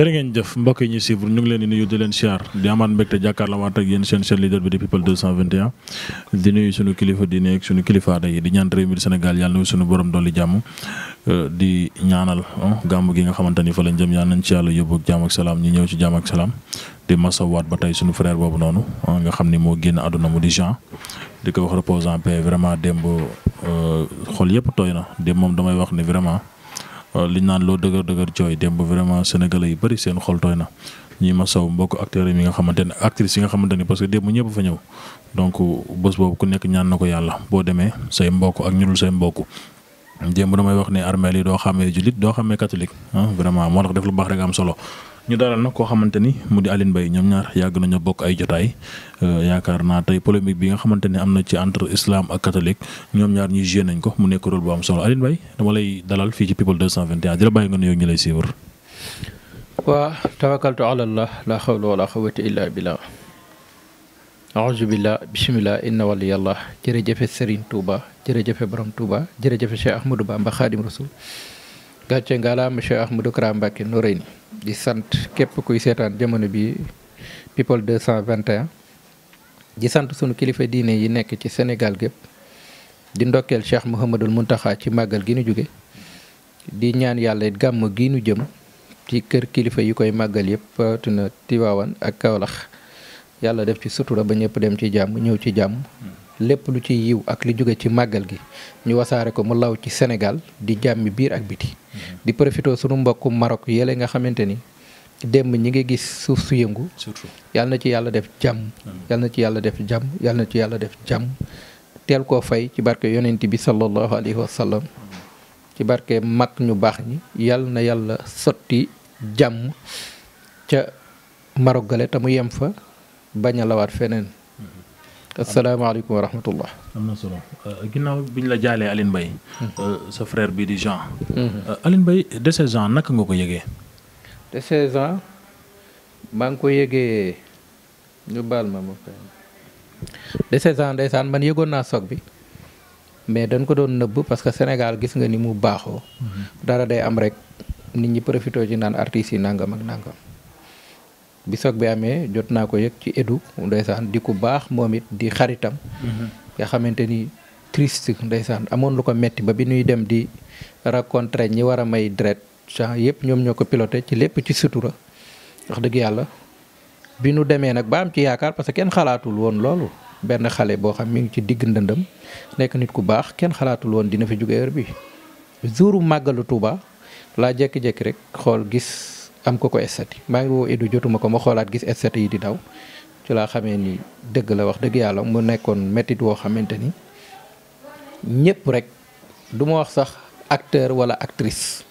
jërë ngeen jëf mbokk yi ñu suivre ñu leen di leen siyaar di amaat mbégte jàkkaarloowaat ak yéen seen seen leader bi na sunu borom dolli jàmm euh, ñaanal euh, gàmm gi nga xamante ni fa lañ jëm yàlla nañ ci yàlla yóbbu ak jàmm ak salaam ñu ñëw ci jàmm ak salaam di masawaat ba tey sunu frère boobu noonu euh, nga xam ni moo génn àdduna mu di Jean di ko wax repose en paix vraiment démb xol yëpp tooy na démb moom damay wax ni vraiment Euh, li ñu naan loo dëgër dëgër jooy démb vraiment sénégalais yi bëri seen xol tooy na ñi ma saw mbokk acteurs yi nga xamante ne actrices yi nga xamante ne parce que démb ñëpp fa ñëw donc bés boobu ku nekk ñaan na ko yàlla boo demee say mbokk ak ñu dul say mbokk. démb damay wax ne armeel yi doo xamee jullit doo xamee catholique ah vraiment moo tax def lu baax rek am solo. ñu dalal nag koo xamante ni mu di Alioune Mbaye ñoom ñaar yàgg nañu bokk ay jotaay euh, yaakaar naa tey polémique bi nga xamante ni am na ci entre islam ak catholique ñoom ñaar ñuy gis nañ ko mu nekk rôle bu am solo Alioune Mbaye dama lay dalal fii ci people 221 di la bàyyi nga nuyoo ñu lay suivre. waa tawakkaltu la allah la xawla wala xawata illa billah aouzu billah bismillah inna waliyallah jëre Serigne Touba jërëjëfe Borom Touba jërëjëfe Cheikh baa mba Khadim Rasoul gàcce ngalaam Cheikh Ahmadou Kara Mbacké Noreyni di sant képp kuy seetaan jamono bi people 221 di sant sunu kilifa diine yi nekk ci senegal gépp di ndokkeel Cheikh Mouhamadul Muntaxa ci màggal gi nu jóge di ñaan yàlla gàmm gi nu jëm ci kër kilifa yi koy màggal yëpp rawatina Tiwaawan ak Kawlax yàlla def ci sutura ba ñëpp dem ci jàmm ñëw ci jàmm lépp lu ci yiw ak li jóge ci màggal gi ñu wasaare ko mu law ci senegal di jàmmi biir ak biti mm-hmm. di profité sunu mbokku Maroc yële nga xamante ni démb ñi nga gis suuf su yëngu yàlla na ci yàlla def jàmm mm-hmm. yàlla na ci yàlla def jàmm yàlla ci yàlla def jàmm teel koo fay ci barke yonent bi sallallahu alayhi wa sallam mm-hmm. ci barke mag ñu baax ñi yàlla na yàlla sotti jàmm ca Maroc gale te mu yem fa bañ a lawaat feneen asalaamaaleykum wa rahmatullah am na solo euh, ginnaaw bi ñu la jaalee Alioune Mbaye hmm. euh, sa frère bii di Jean. Hmm. Euh, Alioune Mbaye décès Jean naka nga ko yëgee. décès Jean maa ngi ko yëgee ñu baal ma ma. décès Jean ndeysaan man yëgoon naa soog bi mais dañ ko doon nëbb parce que Sénégal gis nga ni mu baaxoo. Hmm. dara day am rek nit ñi profité ci naan artistes yi nangam ak nangam. bi soog bi amee jot naa ko yëg ci Edu ndeysaan di ku baax moom it di xaritam. Mm-hmm. nga xamante ni triste ndeysaan amoon lu ko metti ba bi nuy dem di rencontré ñi war a may dret champs yëpp ñoom ñoo ko piloté ci lépp ci sutura wax dëgg yàlla bi nu demee nag ba am ci yaakaar parce que kenn xalaatul woon loolu benn xale boo xam mu ngi ci digg ndëndam nekk nit ku baax kenn xalaatul woon dina fi jóge heure bi jouru màggalu Tuuba laa jékki-jékki rek xool gis. am ko ko estati maa ngi woo Edu jotuma ko ma xoolaat gis estati yi di daw ci laa xamee nii dëgg la wax dëgg yàlla mu nekkoon métit woo xamante ni ñëpp rek du ma wax sax acteur wala actrice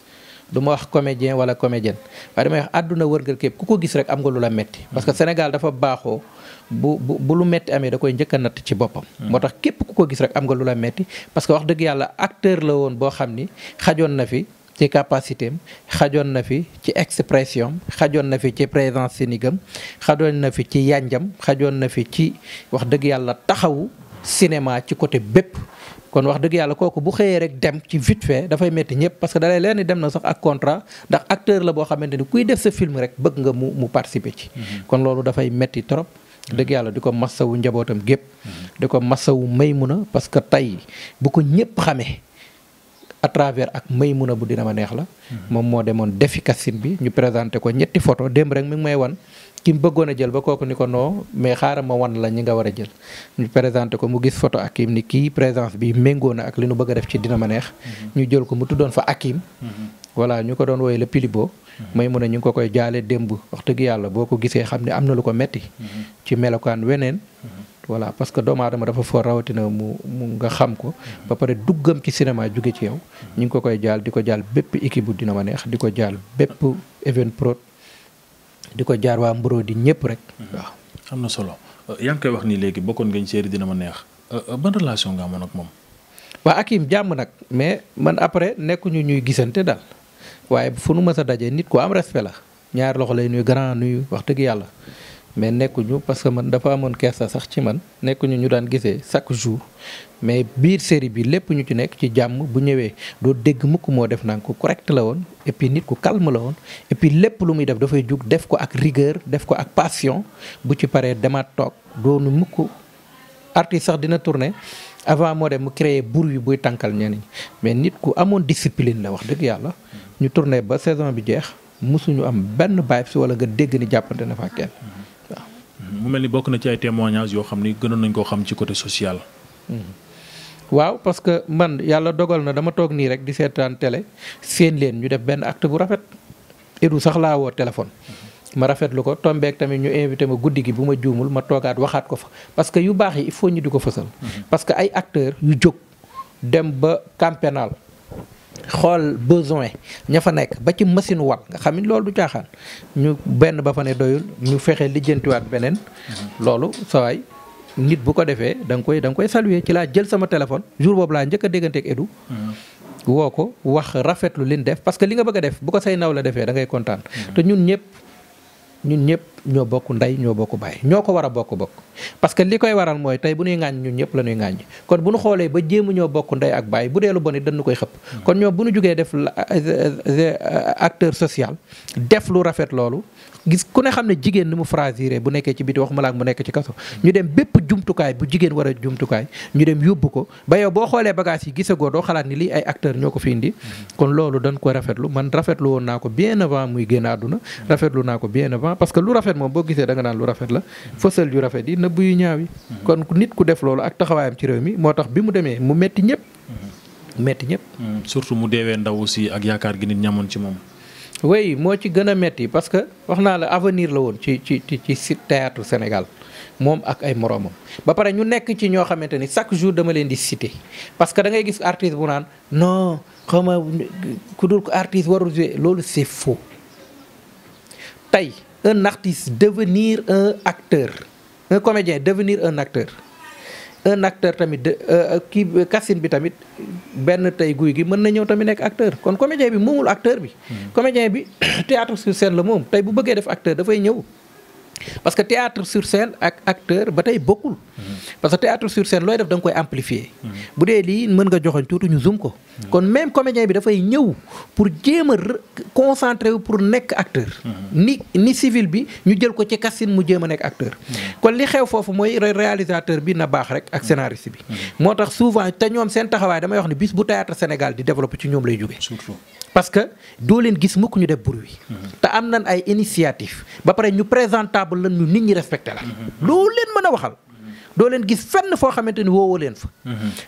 du ma wax comédien wala comédienne waaye damay wax àdduna wërgal képp ku ko gis rek am nga lu la metti parce que Sénégal dafa baaxoo bu bu bu lu metti amee da koy njëkk natt ci boppam. Hmm. moo tax képp ku ko gis rek am nga lu la metti parce que wax dëgg yàlla acteur la woon boo xam ni xajoon na fi. ci capacité xajoon na fi ci expression xajoon na fi ci présence sénigam xajoon na fi ci yànjam xajoon na fi ci wax dëgg yàlla taxawu cinéma ci côté bépp kon wax dëgg yàlla kooku bu xëyee rek dem ci vite fait dafay métti ñëpp parce que dalay leen ni dem na sax ak contrat ndax acteur la boo xamante ni kuy def sa film rek bëgg nga mu mu participer ci mm-hmm. kon loolu dafay métti trop mm-hmm. dëgg yàlla di ko wu njabootam gépp mm-hmm. di ko massawu Maymuna parce que tey bu ko ñëpp à travers ak Maymuna bu dina ma neex la. moom moo demoon defi casting bi ñu présenté ko ñetti photo démb rek mi ngi may wan. ki mu bëggoon a jël ba kook ni ko noo mais xaaral ma wan la ñi nga war a jël ñu présenté ko mu gis photo Hakim ni kii présence bi méngoo na ak li nu bëgg a def ci dina ma neex. ñu jël ko mu tuddoon fa Hakim. voilà ñu ko doon woowee la pilibo. may mun a ñu ngi ko koy jaale démb wax dëgg yàlla boo ko gisee xam ne am na lu ko metti ci melokaan weneen. voilà parce que doomu aadama dafa foo rawatina mu mu nga xam ko ba pare duggam ci cinéma jóge ci yow ñu ngi ko koy jaal di ko jaal bépp équipe bu dina ma neex di ko jaal bépp event pro di ko jaar waa mburoo di ñëpp rek waaw am na solo euh, yaa ngi koy wax nii léegi bokkoon ngeen série dina ma neex euh, euh, ban relation nga amoon ak moom waa Hakim jàmm nag mais man après nekkuñu ñuy gisante daal waaye fu nu mës a dajee nit ku am respect la ñaar loxo lay nuy grand nuyu wax dëgg yàlla mais nekkuñu parce que man dafa amoon kersa sax ci man nekkuñu ñu daan gisee chaque jour mais biir série bi lépp ñu ci nekk ci jàmm bu ñëwee doo dégg mukk moo def naa ko correct la woon et nit ku calme la woon et lépp lu muy def dafay jug def ko ak rigueur def ko ak passion bu ci paree demaat toog doonu mukk artiste sax dina tourner avant moo dem mu créer buur bruit buy tànkal ñenn ñi mais nit ku amoon discipline la wax dëgg yàlla ñu tourner ba saison bi jeex mosuñu am benn baay si wala nga dégg ni jàppante na fa kenn mu mel ni bokk na ci ay témoignages yoo xam ni gënoon nañ koo xam ci côté social. Hmm. waaw parce que man yàlla dogal na dama toog nii rek di seetaan télé seen leen ñu def benn acte bu rafet Edu sax laa woo téléphone. ma rafetlu ko tombeek tamit ñu invité ma guddi gi bu ma juumul ma toogaat waxaat ko fa parce que yu baax yi il faut ñu di ko fësal. Hmm. parce que ay acteur yu jóg dem ba camp xool besoin ña fa nekk ba ci machine wal nga xam ni loolu du caaxaan ñu benn ba fa ne doyul ñu fexe lijjantiwaat beneen. Mhm. loolu sawaay nit bu ko defee da nga koy da saluer ci laa jël sama téléphone jour boobu laa njëkk a dégganteeg Edu. Mhm. woo ko wax rafetlu lu ñu def parce que li nga bëgg def bu ko say naw la defee da ngay kontaan. Mhm. te ñun ñëpp ñun ñëpp ñoo bokk ndey ñoo bokk baay ñoo ko war a bokk bokk parce que li koy waral mooy tey bu ñuy ŋaañ ñun ñëpp la ñuy ŋaañ kon bu ñu xoolee ba jéemu ñoo bokk ndey ak baay bu dee lu bon it koy xëpp. Hmm. kon ñoom bu nu jugee def euh, euh, euh, acteur social def lu rafet loolu gis ku ne xam ne jigéen ni mu fragile bu nekkee ci biti waxuma la mu nekk ci kaso ñu dem bépp jumtukaay bu jigéen war a jumtukaay ñu dem yóbbu ko ba boo xoolee bagage yi gisagoo doo xalaat ni lii ay acteur ñoo ko fi ndi kon loolu dañ ko rafetlu man rafetlu woon naa ko bien avant muy génn àdduna rafetlu naa ko bien avant parce que lu rafet moom boo gisee da nga lu rafet la fësal yu rafet yi nëbb yu ñaaw yi kon nit ku def loolu ak taxawaayam ci réew mi moo tax bi mu demee mu metti ñëpp mm-hmm. metti ñëpp mm-hmm. surtout mu deewee ndaw aussi ak yaakaar gi nit ñamoon ci moom oui moo ci gën a metti parce que wax naa la avenir la woon ci ci ci ci théâtre Sénégal moom ak ay moroomam ba pare ñu nekk ci ñoo xamante ni chaque jour dama leen di citer parce que dangay gis artiste bu naan non xam nga ku dul ko artiste warul jouer loolu c'est faux tey un artiste devenir un acteur un comédien devenir un acteur un acteur tamit de euh, euh, kii casting bi tamit benn tey guy gi mën na ñëw tamit nekk acteur kon comédien bi moomul acteur bi. Hmm. comédien bi théâtre sur scène la moom tey bu bëggee def acteur dafay ñëw. parce que théâtre sur scène ak acteur ba tey bokkul. Mm-hmm. parce que théâtre sur scène looy def da nga koy amplifier. Mm-hmm. bu dee lii mën nga joxoñ tuuti ñu zoom ko. Mm-hmm. kon même comédien bi dafay ñëw pour jéem a concentré wu pour nekk acteur. ni ni sivil bi ñu jël ko ci kastin mu jéem nekk acteur. kon li xew foofu mooy réalisateur bi na baax rek ak scénariste bi. moo tax souvent te ñoom seen taxawaay damay wax ne bis bu théâtre Sénégal di développé ci ñoom lay jóge surtout parce que doo leen gis mukk ñu def bruit. te am nañ ay initiative ba pare ñu présentable lan ñu nit ñi respecté la. loolu leen mën a waxal. doo leen gis fenn foo xamante ni woowoo leen fa.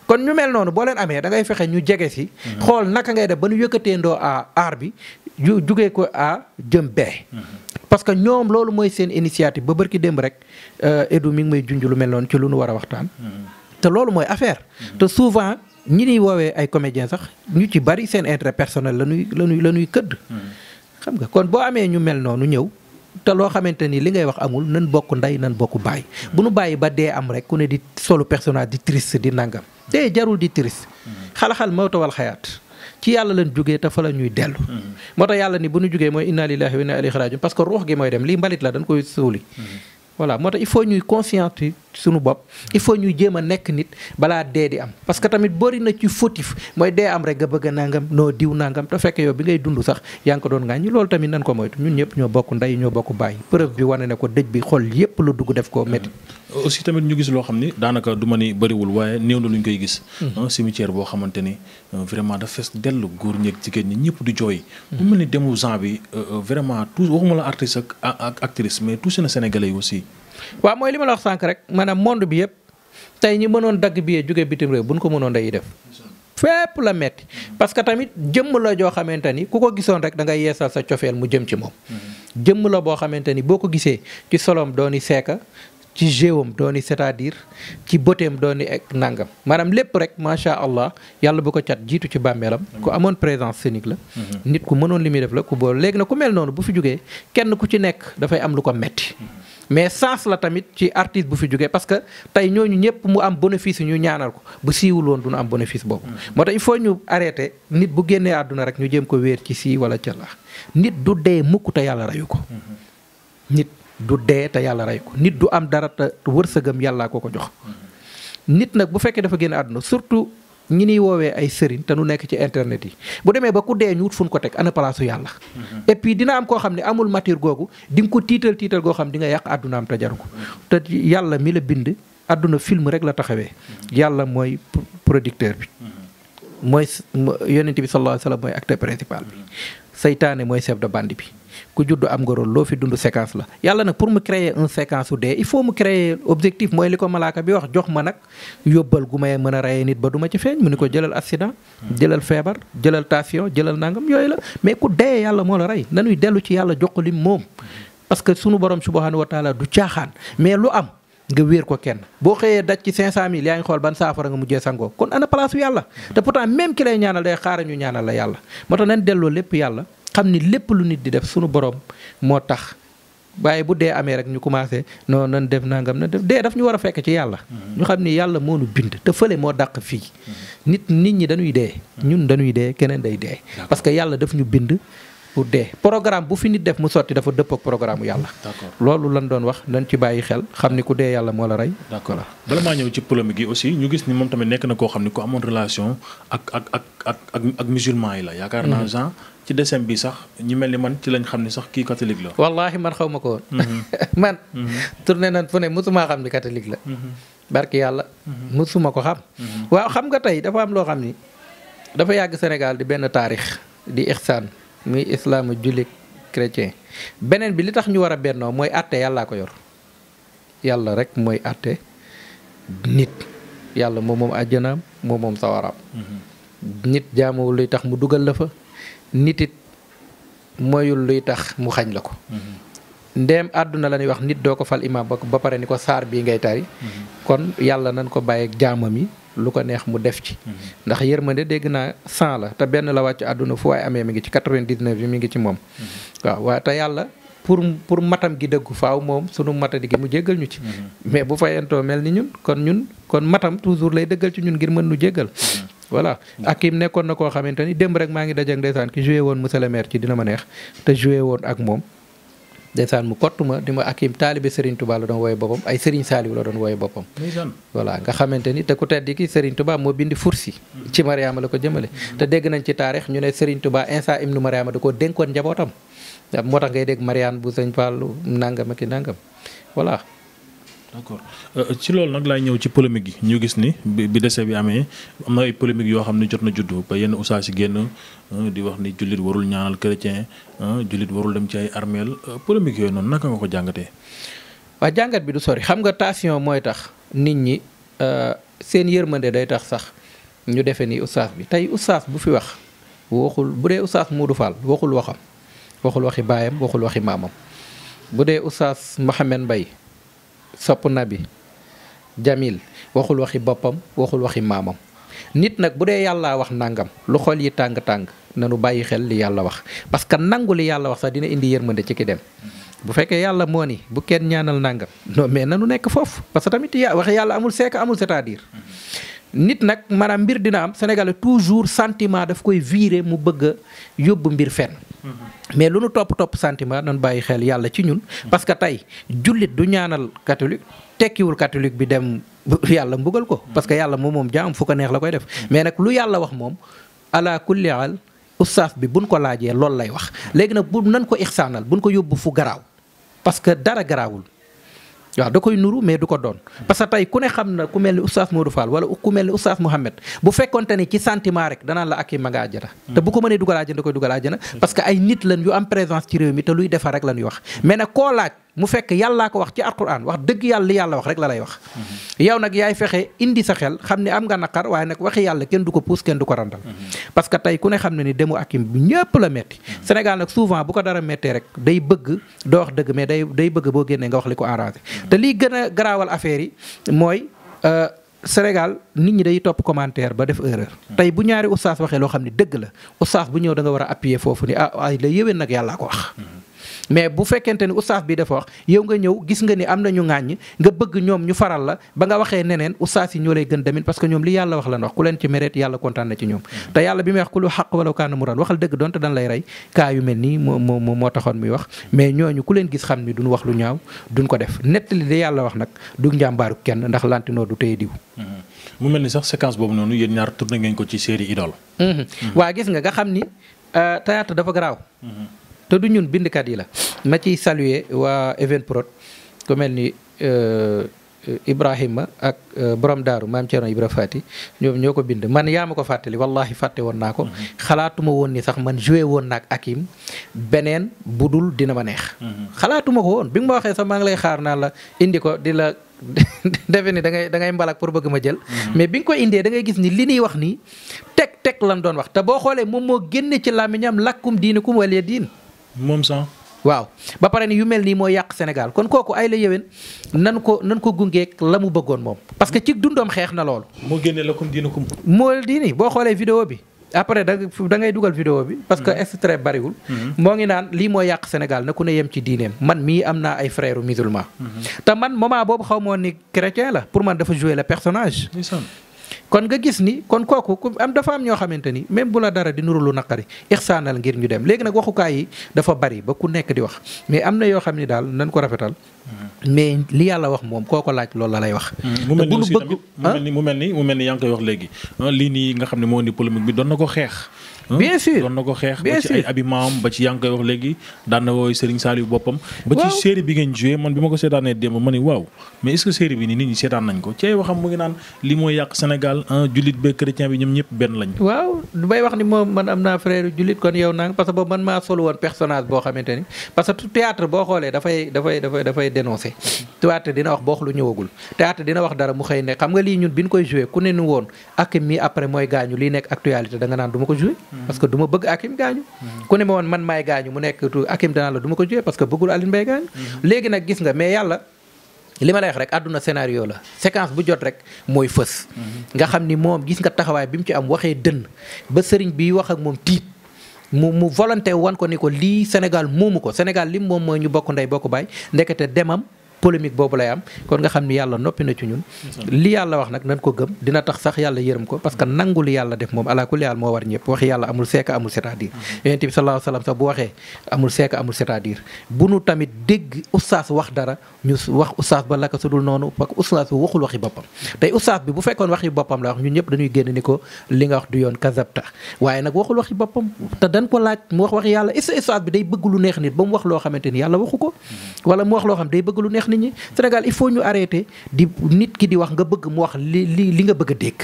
kon ñu mel noonu boo leen amee da ngay fexe ñu jege si. xool naka ngay def ba ñu yëkkatee ndoo a aar bi yu jugee ko a jëm bee. parce que ñoom loolu mooy seen initiative ba bërki démb rek euh, Edu mi ngi may junj lu mel noonu ci lu nu war a waxtaan. te loolu mooy affaire te souvent. ñi ñuy woowee ay comédien sax ñu ci bari seen intérêt personnel la ñuy këdd. xam nga kon boo amee ñu mel noonu ñëw. te loo xamante ni li ngay wax amul nan bokk ndey nan bokk baay hmm. bu nu bàyyi ba dee am rek ku ne di solo personnage di triste di nangam hmm. dee jarul di triste hmm. xalaxal mawta wal xayaat ci yàlla lañ jógee te fa la ñuy dellu moo tax yàlla ni bu ñu jógee mooy inna lillahi wa inna ilayhi rajiun parce que ruux gi mooy dem lii mbalit la dañ koy s sunu bopp il faut ñuy jéem a nekk nit balaa dee di am parce que tamit bëri na ci fautif mooy dee am rek nga bëgg a nangam noo diw nangam te fekk yow bi ngay dund sax yaa doon ko doon loolu tamit nan ko moytu ñun ñëpp ñoo bokk ndey ñoo bokk bàyyi preuve bi wane ne ko dëj bi xol yëpp lu dugg def ko métti euh, aussi tamit ñu gis loo xam ni daanaka du ma ni bëriwul waaye néew na lu ñu koy gis hmm. cimetière boo xamante ni euh, vraiment da fees dellu góor ñeeg jigéen ñi ñëpp di jooy mu mel ni demu gen bi euh, vraiment tout waxuma la artiste mais tous na sénégalais yi waaw mooy li ma la wax sànq rek maanaam monde bi yëpp tey ñi mënoon dagg billet jóge bitim réew bu ñu ko mënoon day def. fépp la metti parce que tamit jëmm la joo xamante ni ku ko gisoon rek da ngay yeesal sa cofeel mu jëm ci moom. jëmm boo xamante ni boo ko gisee ci solom dooni seeka ci géewam dooni c'est-à-dire ci bëteem dooni ek nangam maanaam lépp rek macha allah yàlla bu ko cat jiitu ci bàmmeelam ku amoon présence scénique la. Mhm. nit ku mënoon li muy def la ku boole léegi na ku mel noonu bu fi jógee kenn ku ci nekk dafay am lu ko metti mais sens la tamit ci artiste bu fi jógee parce que tey ñooñu ñëpp mu am bénéfice ñu ñaanal ko bu siiwul du ñu am bénéfice boobu. Mm. moo tax il faut ñu arrêté nit bu génnee àdduna rek ñu jëm ko wéer ci sii wala ca la nit du dee mukk te yàlla reyu ko. Mm-hmm. nit du dee te yàlla rey ko nit du am dara te wërsëgam yàllaa ko ko jox. Mm-hmm. nit nag bu fekkee dafa génn àdduna surtout. ñi niy woowee ay sëriñ te nu nekk ci internet yi bu demee ba ku dee ñu wut fu ko teg ana palaasu yàlla. Mm-hmm. et puis dina am koo xam ne amul matière googu dinga ko tiital tiital goo xam di nga yàq àddunaam te jaru ko mm-hmm. te yàlla mi la bind àdduna film rek la taxawee. Mm-hmm. yàlla mooy producteur bi. mooy yonent bi sallallahu alayhi wa sallam mooy acteur principal bi. saytaane mooy chef de bande bi. ku juddu am nga rôle loo fi dund séquence la yàlla nag pour mu créer un séquence su dee il faut mu créer objectif mooy li ko malaaka bi wax jox ma nag yóbbal gu may mën a rayee nit ba duma ci feeñ mu ni ko jëlal accident hmm. jëlal feebar jëlal tension jëlal nangam yooyu la mais ku dee yàlla moo la rey na nanuy dellu ci yàlla jox ko lim moom parce que sunu borom subhanahu wa taala du caaxaan mais lu am nga wéer ko kenn boo xëyee daj ci 500000 yaa ngi xool ban saafara nga mujjee sangoo kon ana place yàlla hmm. te pourtant même ki lay ñaanal day xaara ñu ñaanal la yàlla moo tax delloo lépp yàlla xam ni lépp lu nit di def sunu borom moo tax waaye bu dee amee rek ñu commencé non nan def nangam na def dee daf ñu war a fekk ci yàlla. Mm-hmm. ñu xam ni yàlla moo nu bind te fële moo dàq fii. Mm-hmm. nit nit ñi dañuy dee. Mm-hmm. ñun dañuy dee keneen day dee. parce que yàlla daf ñu bind. pour dee programme bu fi nit def mu sotti dafa dëpp ak programme yàlla. d'accord loolu lan doon wax nañ ci bàyyi xel xam ni ku dee yàlla moo la rey. d'accord bala maa ñëw ci polémique yi aussi ñu gis ni moom tamit nekk na koo xam ni ku amoon relation ak ak yaakaar naa ci desem bi sax ñu mel ni man ci lañ xam ni sax kii catholique la. wallaahi man xaw ma ko woon. Mhm. man. Mhm. tourné nan fu ne mosuma xam ni catholique la. Mhm. barki yàlla. mosuma ko xam. waaw xam nga tey dafa am loo xam ni dafa yàgg senegal di benn taarix di ixsaan muy islamu jullit chrétien beneen bi li tax ñu war a bennoo mooy àtte yàllaa ko yor yàlla rek mooy àtte yàlla moom moom àjjanaam moom moom sawaraam. nit jaamuwul luy tax mu dugal la fa nitit mooyul luy tax mu xañ la ko mm-hmm. ndéem àdduna la ñuy wax nit doo ko fal imaam ba pare ni ko saar bii ngay tari mm-hmm. kon yàlla nañ ko bàyyeeg jaamam yi lu ko neex mu def ci mm-hmm. ndax yërmande dégg naa san la te benn la wàcc àdduna fu waaye amee mi ngi ci quatre-vingt-dix-neuf yi mi ngi ci moom waaw waaye te yàlla pour pour matam gi dëggu faaw moom sunu matadi gi mu jéggal ñu ci mais bu fayentoo mel ni ñun kon ñun kon matam toujours lay dëggal ci ñun ngir mën nu jéggal voilà Hakim nekkoon na koo xamante ni démb rek maa ngi dajeeg ndeysaan ki joué woon monsieur le maire ci dina ma neex te joué woon ak moom ndeysaan mu kott ma di ma Hakim taalibe Serigne Touba la doon wooye boppam ay Serigne Saliou la doon wooye boppam voilà nga xamante ni te ku tedd ki Serigne Touba moo bindi fursi mm-hmm. ci Mariama la ko jëmale mm-hmm. te dégg nañ ci taarix ñu ne Serigne Touba Insa ibnu Mariama da koo dénkoon njabootam moo tax ngay dégg Mariane bu Sëñ Fallu nangam ak i nangam voilà d'accord euh, ci loolu nag laay ñëw ci polémique yi ñu gis ni bi décès bi amee ma na ay polémique yoo xam ne jot na juddu ba yenn oustaz si génn euh, di wax ni jullit warul ñaanal chrétien euh, jullit warul dem ci ay armeel polémique yooyu noonu naka nga ko jàngatee. waa jàngat bi du sori xam nga tension mooy tax nit ñi seen yërmande day tax sax ñu defee ni oustaz bi tey oustaz bu fi wax waxul bu dee oustaz Modou Fall waxul waxam waxul waxi baayam waxul waxi maamam bu dee oustaz Mouhamed Mbaye sopp bi jamil waxul waxi boppam waxul waxi maamam nit nag bu dee yàlla wax nangam lu xol yi tàng-tàng nanu bàyyi xel li yàlla wax parce que nangu li yàlla wax sax dina indi yërmande ci ki dem bu fekkee yàlla moo ni bu kenn ñaanal nangam non mais nanu nekk foofu parce que tamit ya wax yàlla amul seek amul c'est-à-dire nit nag maanaam mbir dina am Sénégal toujours santiment daf koy virer mu bëgg yóbbu mbir fenn mais lu nu topp topp sentiment nan bàyyi xel yàlla ci ñun. parce que tey jullit du ñaanal catholique tekkiwul catholique bi dem yàlla mbugal ko. parce que yàlla moom moom jaam fu ko neex la koy def. mais nag lu yàlla wax moom ala kulli al ustaaf bi buñ ko laajee loolu lay wax léegi nag bu nan ko ixsaanal buñ ko yóbbu fu garaaw parce que dara garaawul. waaw da koy nuru mais du ko doon parce que tey ku ne xam na ku mel ni oustaz Modou Fall wala ku mel ni oustaz Mouhamed bu fekkonte ni ci sentiment rek danaan la ak yi ma nga te bu ko mënee dugal àjjana da koy dugal àjjana parce que ay nit lan yu am présence ci réew mi te luy defar rek lan yu wax mais koo laaj mu fekk yàllaa ko wax ci alquran wax dëgg yàlla wax rek la lay wax yow nag yaay fexe indi sa xel xam ne am nga naqar waaye nag waxi yàlla kenn du ko puus kenn du ko randal parce que tey ku ne xam ne ni demu akim bi ñëpp la metti Sénégal nag souvent bu ko dara méttee rek day bëgg doo dëgg mais day day bëgg boo génnee nga wax ko arrangé te lii gën a affaire yi mooy euh, Sénégal nit ñi day topp commentaire ba def erreur tey bu ñaari oustaz waxee loo xam ne dëgg la oustaz bu ñëw danga war a appuyer foofu ni ah ay la yéwén nag yàllaa ko wax mais bu fekkente ni ustaaf bi dafa wax yow nga ñëw gis nga ni am na ñu ŋàññ nga bëgg ñoom ñu faral la ba nga waxee neneen ustaaf yi ñoo lay gën damit parce que ñoom li yàlla wax lan wax ku leen ci mérite yàlla kontaan na ci ñoom mm. te yàlla bi muy wax ku lu xaq wala kaana mu ran waxal dëgg doonte dañ lay rey kaa yu mel nii moo moo taxoon muy wax mais ñooñu ku leen gis xam ni duñ wax lu ñaaw duñ ko def nettali li yàlla wax nag du njàmbaaru te du ñun bindkat yi la ma ciy saluer waa Evenprod ku mel ni euh, Ibrahima ak euh, borom daaru maam Thierno Ibra Fati ñoom ñoo ko bind man yaa ma ko fàttali wallahi fàtte woon naa ko mm-hmm. xalaatuma woon ni sax man joué woon ak Hakim beneen bu dul dina ma neex mm-hmm. xalaatuma ko woon bi nga ma waxee sax maa ngi lay xaar naa la indi ko di la defe ni da ngay da pour bëgg ma jël mm-hmm. mais bi nga ko indee da ngay gis ni li ñuy wax nii teg tek lan doon wax te boo xoolee moom moo génne ci làmmiñam lakkum diinikum wala diin moom sax. waaw ba pare ni yu mel nii mooy yàq Sénégal kon kooku ay la yéwén nan ko nan ko gungeek la mu bëggoon moom. parce que ci dundam xeex na loolu. moo génne la kum diina diini boo xoolee vidéo bi après da da ngay dugal vidéo bi. parce que mm-hmm. extrait bariwul. Mm-hmm. moo ngi naan lii moo yàq Sénégal na ku ne yem ci diineem man mii am naa ay frères musulmans. Mm-hmm. te man moment boobu xaw ma woon ni chrétien la pour man dafa jouer la personnage. kon nga gis ni kon kooku ku am dafa am ñoo xamante ni même bu la dara di nuru lu naqari ixsaanal ngir ñu dem léegi nag waxukaay yi dafa bari ba ku nekk di wax mais am na yoo xam ni daal nañ ko rafetal. mais li yàlla wax moom koo ko laaj loolu la lay wax. mu mel ni mu mel ni mu mel ni yaa ngi koy wax léegi ah, lii nii nga xam ne moo ni polémique bi doon na ko xeex. bien sûr doon na ko xeex ba ci ay abimaam ba ci yaa ngi koy wax léegi daan na wooy Serigne boppam ba ci série bi ngeen joué man bi ma ko seetaanee démb ma ni waaw mais est-ce que série bi nii nit ñi seetaan nañ ko ci ay waxam mu ngi naan li mooy yàq Sénégal jullit ba chrétien bi ñoom ñëpp benn lañ waaw du may wax ni moom man am naa frère jullit kon yow naa parce que boobu man maa solu woon personnage boo xamante ni parce que théâtre boo xoolee dafay dafay dafay dafay dénoncé dina wax boo wax ñëwagul théâtre dina wax dara mu xëy ne xam nga lii ñun bi ñu koy ku ne woon ak mi après mooy gaañu lii nekk actualité da nga naan du ma ko joué Mm-hmm. parce que duma bëgg Hakim gaañu. Mm-hmm. ku ne ma woon man maay gaañu mu nekk tu Hakim danaa la du ko joué parce que bëggul Alioune Mbaye gaañu. Mm-hmm. léegi nag gis nga mais yàlla li ma lay wax rek àdduna scénario la séquence bu jot rek mooy fës. nga xam ni moom gis nga taxawaay bi mu ci am waxee dënn ba sëriñ bi wax ak moom tiit. mu mu volonté wan ko ni ko lii Sénégal moomu ko Sénégal lim moom mooy ñu bokk ndey bokk baay ndekete demam. polémique boobu lay am kon nga xam ni yàlla noppi na ci ñun li yàlla wax nag nañ ko gëm dina tax sax yàlla yërëm ko parce que yàlla def moom ala kulli moo war ñëpp wax yàlla amul seeka amul cest à mm-hmm. bi sallallahu wax dara ñu wax ustaas ba laka sudul noonu parce que waxul waxi boppam tey ustaas bi bu fekkoon waxi boppam la wax ñun ñëpp dañuy génn ni ko li nga wax du yoon kazabta waaye nag waxul waxi boppam te dañ ko laaj mu wax wax yàlla ustaas bi lu neex nit ba mu wax loo xamante ni yàlla waxu ko mm-hmm. nit ñi Sénégal il faut ñu arrêter nit ki di wax nga bëgg mu wax li li li nga bëgg a dégg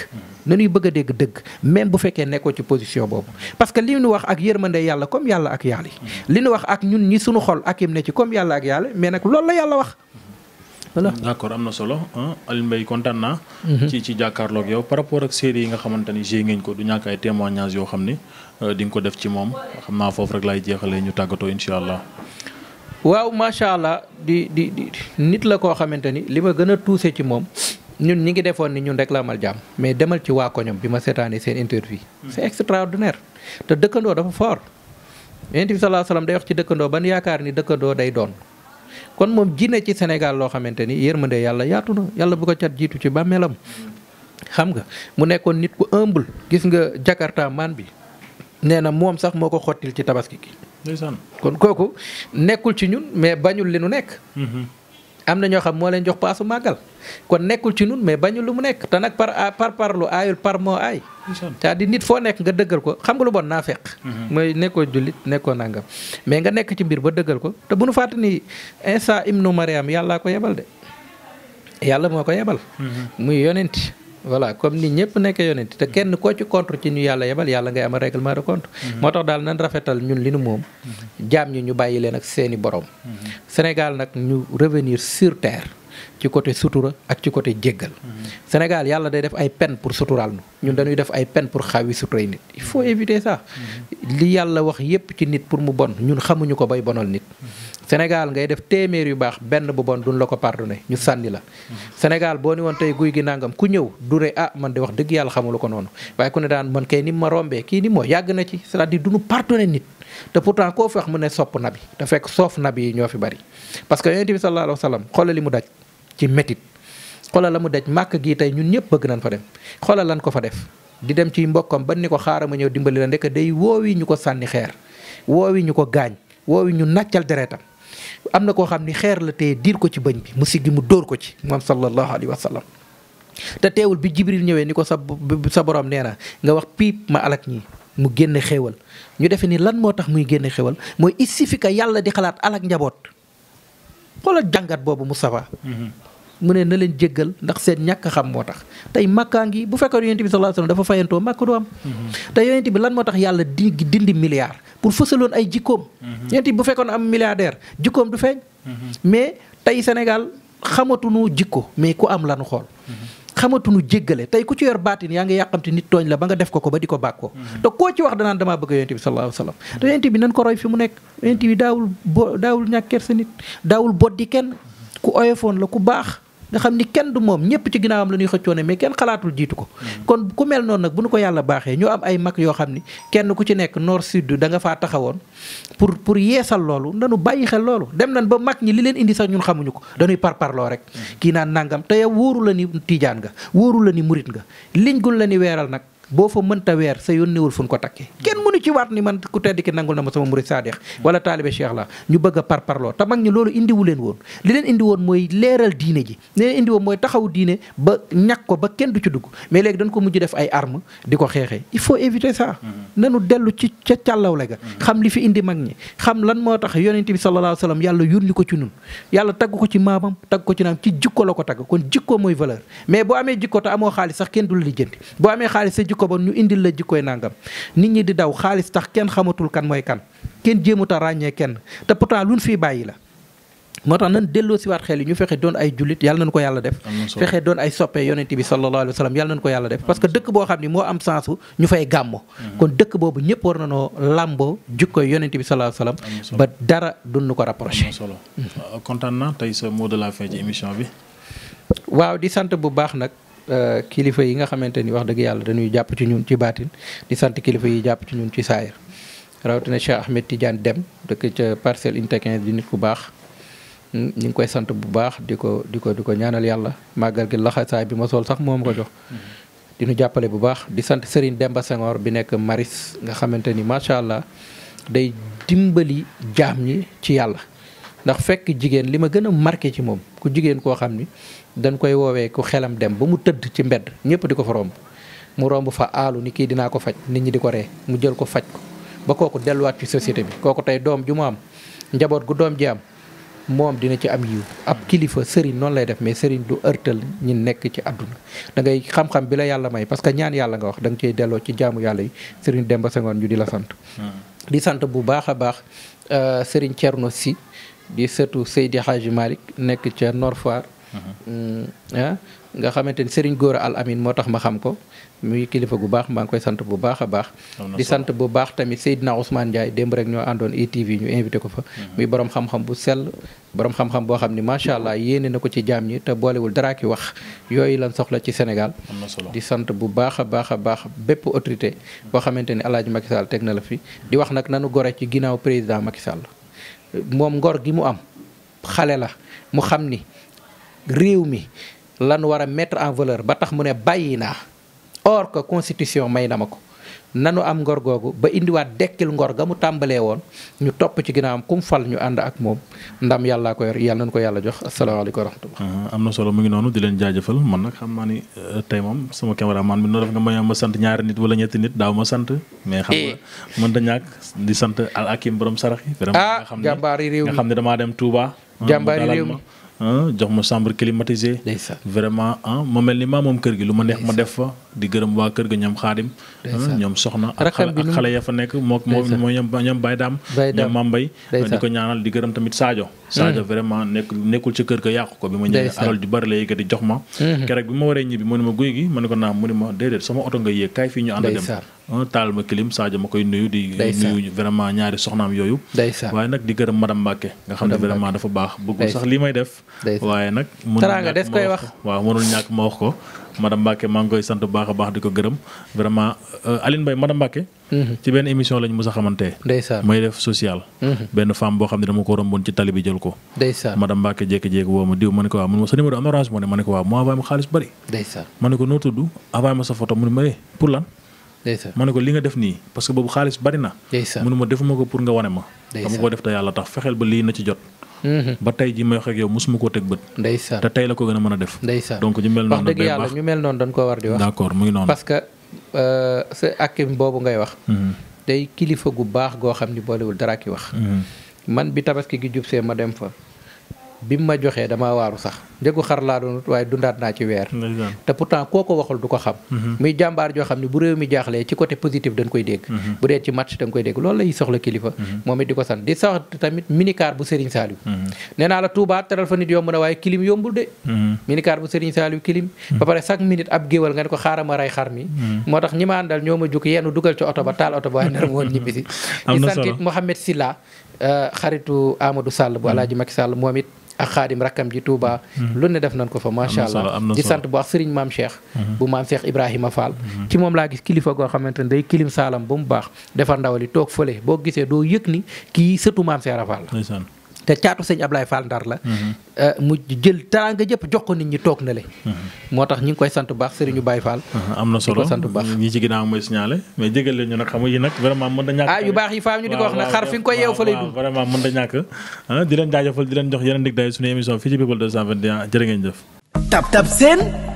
nañuy bëgg a dégg dëgg même bu fekkee nekkoo ci position boobu parce que li ñu wax ak yërmande yàlla comme yàlla ak yàlla li ñu wax ak ñun ñi sunu xol ak yim ne ci comme yàlla ak yàlla mais nag loolu la yàlla wax voilà am na solo Aliou Mbaye kontaan naa. Mhm. ci ci jàkkaarloog yow par rapport ak série yi nga xamante ni géej ngeen ko du ñàkk ay yoo xam ni euh, di ko def ci moom xam naa foofu rek laay jeexalee ñu tàggatoo incha allah. waaw macha allah di di nit la koo xamante ni li ma gën a tuuse ci moom ñun ñi ngi defoon ni ñun rek la amal jàmm mais demal ci waa koñom bi ma seetaanee seen interview. Hmm. c'est extraordinaire te dëkkandoo dafa fort. yonent bi sallallahu wax ci dëkkandoo ban yaakaar ni dëkkandoo day doon kon moom jine ci Sénégal loo xamante ni yërmande yàlla yaatu na yàlla bu ko cat jiitu ci bàmmeelam xam nga mu nekkoon nit ku humble gis nga Jakarta maan bi nee na moom sax moo ko xottil ci tabaski gi kon kooku nekkul ci ñun mais bañul li nu nekk. Mhm. am na ñoo xam moo leen jox paasu màggal kon nekkul ci ñun mais bañul lu mu nekk te nag par ah, par par lu aayul par moo aay. cest à nit foo nekk nga dëggal ko xam nga lu bon naa feq mhm. mooy nekkoo jullit nekkoo nangam. mais nga nekk ci mbir ba dëggal ko te bu nu fàtte ni Isa ibnu Mariam yàllaa ko yebal de yàlla moo ko yebal. Mhm. muy yonenti voilà comme ni ñëpp nekk yonent te kenn koo ci contre ci ñu yàlla yebal yàlla ngay am règlement de compte mhm. moo tax daal nan rafetal ñun li nu moom mhm. jaam ñi ñu bàyyi leen ak seeni borom mhm. Sénégal nag ñu revenir sur terre ci côté sutura ak ci côté jéggal Sénégal yàlla day def ay peine pour suturaal nu ñun dañuy def ay peine pour xawi suturay nit il faut éviter ça li yàlla wax yépp ci nit pour mu bon ñun xamuñu ko bay bonal nit Sénégal ngay def téeméer yu baax benn bu bon duñ la ko pardonné ñu sànni la. Sénégal boo ni woon tey guy gi nangam ku ñëw dure ah man de wax dëgg yàlla xamul ko noonu waaye ku ne daan man kay ni ma rombee kii ni moo yàgg na ci cest di dire du ñu nit. te pourtant koo fi wax mu ne sopp nabi te fekk soof nabi yi ñoo fi bari parce que yonent bi sallallahu alayhi li mu daj ci métit xoolal la mu daj màkk gii tey ñun ñëpp bëgg nañ fa dem xoolal lan ko fa def. di dem ci mbokkam ba ni ko xaaral ma ñëw dimbali la ndek day woowi ñu ko sànni xeer woowi ñu ko gaañ woowi ñu nàccal deretam am na koo xam ni xeer la tee diir ko ci bëñ bi mu siggi mu dóor ko ci moom sallallahu alayhi wa sallam te teewul bi jibril ñëwee ni ko sa sa borom nee na nga wax piip ma alak ñi mu génn xéewal ñu defe ni lan moo tax muy génn xéewal mooy il suffit que yàlla di xalaat alak njaboot xoolal jàngat boobu mu Moustapha mm-hmm. mu ne na leen jéggal ndax seen ñàkk xam moo tax tey màkkaa ngi bu fekkoon yonent bi sa alayhi wasallam dafa fayantoo màkk du mhm. te yonent bi lan moo tax yàlla di dindi milliard pour fësaloon ay jikkoom mhm. yonent bi bu fekkoon am milliardaire jikkoom du feeñ mhm. mais tey Sénégal xamatunu jikko ku am lanu xool xamatunu jéggale tey ku ci yor baatin yaa ngi yàqamte nit tooñ la ba nga def ko ko ba di ko bàkkoo te koo wax danaan damaa bi sallallahu alayhi wasallam te yonent bi nan ko roy fi mu nekk yonent bi bo daawul ñàkkeer sa nit daawul boddi kenn ku oyofoon la ku baax nga xam ni kenn du moom ñëpp ci ginnaawam la ñuy xëccoone mais kenn xalaatul jiitu ko mm. kon ku mel noonu nag bu nu ko yàlla baaxee ñu am ay mag yoo xam ni kenn ku ci nekk nord sud da nga faa taxawoon pour pour yeesal loolu nanu bàyyi xel loolu dem nañ ba mag ñi li leen indi sax ñun xamuñu ko dañuy parparloo rek mm. kii naan nangam te yow wóoru la ni tiijaan nga wóoru la ni murit nga liñ gul la ni weeral nag boo fa mënta weer sa yónneewul fu ñu ko takkee kenn mënu ci waat ni man ku tedd ki nangul na ma sama murid saadix wala taalibe cheikh la ñu bëgg a parparloo te mag ñi loolu indiwu leen woon li leen indi mooy leeral diine ji li leen indi mooy taxaw diine ba ñàkk ko ba kenn du ci dugg mais léegi dañ ko mujj def ay arme di ko xeexee il faut éviter ça mm-hmm. nanu dellu ci ca càllawle ga mm-hmm. xam li fi indi mag ñi xam lan moo tax yonente bi sallallahu alayhi wa sallam yàlla yónni ko ci ñun yàlla tagg ko ci maamam tagg ko ci naam ci jikko la ko tagg kon jikko mooy valeur mais boo amee jikko te amoo xaalis sax kenn du la jikko bon ñu indil la jikkoy nangam nit ñi di daw xaalis tax kenn xamatul kan mooy kan kenn jéemut a ràññee kenn te pourtant luñ fii bàyyi la. moo tax nan delloo siwaat xel yi ñu fexe doon ay jullit yàlla nañu ko yàlla def fexe doon ay soppe yonente bi sallallahu alayhi wa sallam ko yàlla def parce que dëkk boo xam ne moo am sensu ñu fay gàmmo mm-hmm. kon dëkk boobu ñëpp war nanoo làmboo ko rapproché solo mm-hmm. kontaan na tey sa mot de la fin ci bi waaw di sant bu baax nag Euh, kilifa yi nga xamante ni wax dëgg yàlla dañuy jàpp ci ñun ci baatin di sant kilifa yi jàpp ci ñun ci saayir rawatina Cheikh Ahmed Tidiane Dem dëkk ca Parcelles Unité 15 di nit ku baax hmm, ñu ngi koy sant bu baax di ko di ko di ko ñaanal yàlla màggal gi laxasaay bi ma sol sax moom ma ko jox hmm. di ñu jàppale bu baax di sant Serigne Demba Senghor bi nekk Maris nga xamante ni macha allah day dimbali jaam ñi ci yàlla ndax fekk jigéen li ma gën a marqué ci moom ku jigéen koo xam ni dañ koy woowee ku xelam dem ba mu tëdd ci mbedd ñëpp di ko fa romb mu romb fa aalu ni kii dinaa ko faj nit ñi di ko ree mu jël ko faj ko ba kooku delluwaat ci société bi kooku tey doom ju mu am njaboot gu doom ji am moom dina ci am yiw ab kilifa sëriñ noonu lay def mais sëriñ du ërtal ñi nekk ci àdduna da ngay xam-xam bi la yàlla may parce que ñaan yàlla nga wax danga nga cey delloo ci jaamu yàlla yi sëriñ Demba Senghor ñu di la sant hmm. di sant bu di sëtu Seydi Hadji Malick nekk ca Nord Foire uh-huh. mm-hmm. ah nga xamante ni góor Gora Al Amin moo tax ma xam ko muy kilifa gu baax maa ngi koy sant bu baax a baax. di sant bu baax tamit na Ousmane Ndiaye démb rek ñoo àndoon ITV e ñu invité ko fa. Uh-huh. muy borom xam-xam bu sell borom xam-xam boo xam ni macha allah yéene na ko ci jaam ñi te boolewul dara ki wax yooyu lan soxla ci Sénégal. di sant bu baax a baax a baax bépp autorité boo xamante ni El Hadj Macky teg na la fi. di wax nag nanu gore ci ginnaaw président Macky Sall. moom ngor gi mu am xale la mu xam ni réew mi lan war a mettre en valeur ba tax mu ne bàyyi naa or que constitution may na ma ko nanu am ngor googu ba indiwaat dekkil ngor ga mu tàmbalee woon ñu topp ci am kum fal ñu ànd ak moom ndam yàllaa ko yor yàlla nañu ko yàlla jox asalaamaaleykum wa rahmatullah ah, na solo mu ngi noonu di leen jaajëfal man nag xam naa ni euh, tey moom sama cameraman bi noo def nga ma ma sant ñaari nit wala ñetti nit daaw ma sant mais xam nga eh. mënta ñàkk di sant al akim borom sarax yi vraiment ah, nga xam ne jàmbaari réew mi nga xam ne damaa dem Touba ah, jàmbaari réew mi jox ma chambre climatisée vraiment ah ma mel ni maa moom kër gi lu ma neex ma def fa di gërëm waa kër ga ñoom xaadim ñoom soxna ak xale ya fa nekk moo moo moo ñoom Baye Dame ñoom Mambay di ko ñaanal di gërëm tamit Sadio Sadio mm. vraiment nekk nekkul ci kër ga yàqu ko bi ma ñëwee alal ju bari la yëkkati jox ma mm-hmm. keroog bi ma waree ñibbi mu ne ma guy gi ma ne ko naam mu ne ma déedéet sama oto nga yéeg kaay fii ñu ànd a dem ah, taal ma kilim Sadio ma koy nuyu di nuyu vraiment ñaari soxnaam yooyu waaye nag di gërëm madame Mbacke nga xam ne vraiment dafa baax bëggul sax lii may def waaye nag mënul ñàkk ma wax ko madame Mbacke maa ngi koy sant bu baax a baax ko gërëm vraiment euh, Aline mhm. benn émission lañ mos a xamante. ndeysaan may def social. Mhm. benn femme boo xam ne dama ko romboon ci tali bi jël ko. ndeysaan madame Mbacke woo ma diw ma ne ko waaw man ma sa numéro ma xaalis bari. ma ne ko noo tudd envoyé ma sa photo mu ne ma eh, pour lan. ma ne ko li nga def nii parce que boobu xaalis bari na. mënu ma defuma ko pour nga wane ma. dama ko def te yàlla tax fexeel ba lii na ci jot Mm-hmm. ba tey ji ma wax ak yow mosuma koo teg bët ndeysaan te tey la ko gën a mën a def ndeysaan donc ñu mel noonu wax dëgg yàlla ñu mel noonu dañ koo war di wax d'accord mu ngi noonu parce que sa euh, akim boobu ngay wax tey mm-hmm. kilifa gu baax goo xam ni boolewul dara ki wax mm-hmm. man bi tabaski gi jub see ma dem fa bi mu ma joxee damaa waaru sax njëgu xar laa doon waaye dundaat naa ci weer te pourtant koo ko waxul du ko xam mhm. muy jàmbaar joo xam ne bu réew mi jaaxlee ci côté positif dañ koy dégg mhm. bu dee ci match dañ koy dégg loolu lay soxla kilifa mhm. moom it di ko sant di sax tamit minicar bu Serigne Saliou nee naa la Touba teral fa nit yomb na waaye kilim yombul de minicar bu Serigne Saliou kilim ba pare chaque minute ab géwal nga ne ko xaaral ma rey xar mi moo tax ñi ma àndal ñoo ma jug yenn dugal ci oto ba taal oto ba waaye nar woon ñibbisi ak xaadim rakkam ji Touba. Mhm. lu ne def nañ ko fa macha allah di sant bu baax Serigne maam Cheikh. Mhm. bu maam Cheikh Ibrahima Fall. Mhm. ci moom laa gis kilifa goo xamante ne day kilim saalam ba mu baax defar ndawali toog fële boo gisee doo yëg ni kii sëtu maam Cheikh Fall la. te caatu sëñ Ablaye Fall Ndar la. Mhm. Euh, mu jël teraanga jëpp jox ko nit ñi toog na le. Mhm. moo tax ñu ngi koy sant bu baax Serigne Baye Fall. Mhm. am na solo ñi ci ginnaaw mooy signalé mais jégal leen ñu nag xam nga yi nag vraiment mën na ñàkk. ah yu baax yi faaw ñu di ko wax nag xar fi nga koy yeew fa lay dund. vraiment mën na ñàkk ah, di leen jaajëfal di leen jox yeneen dig day suñu émission fii ci People 221 jërë ngeen jëf. tab tab seen.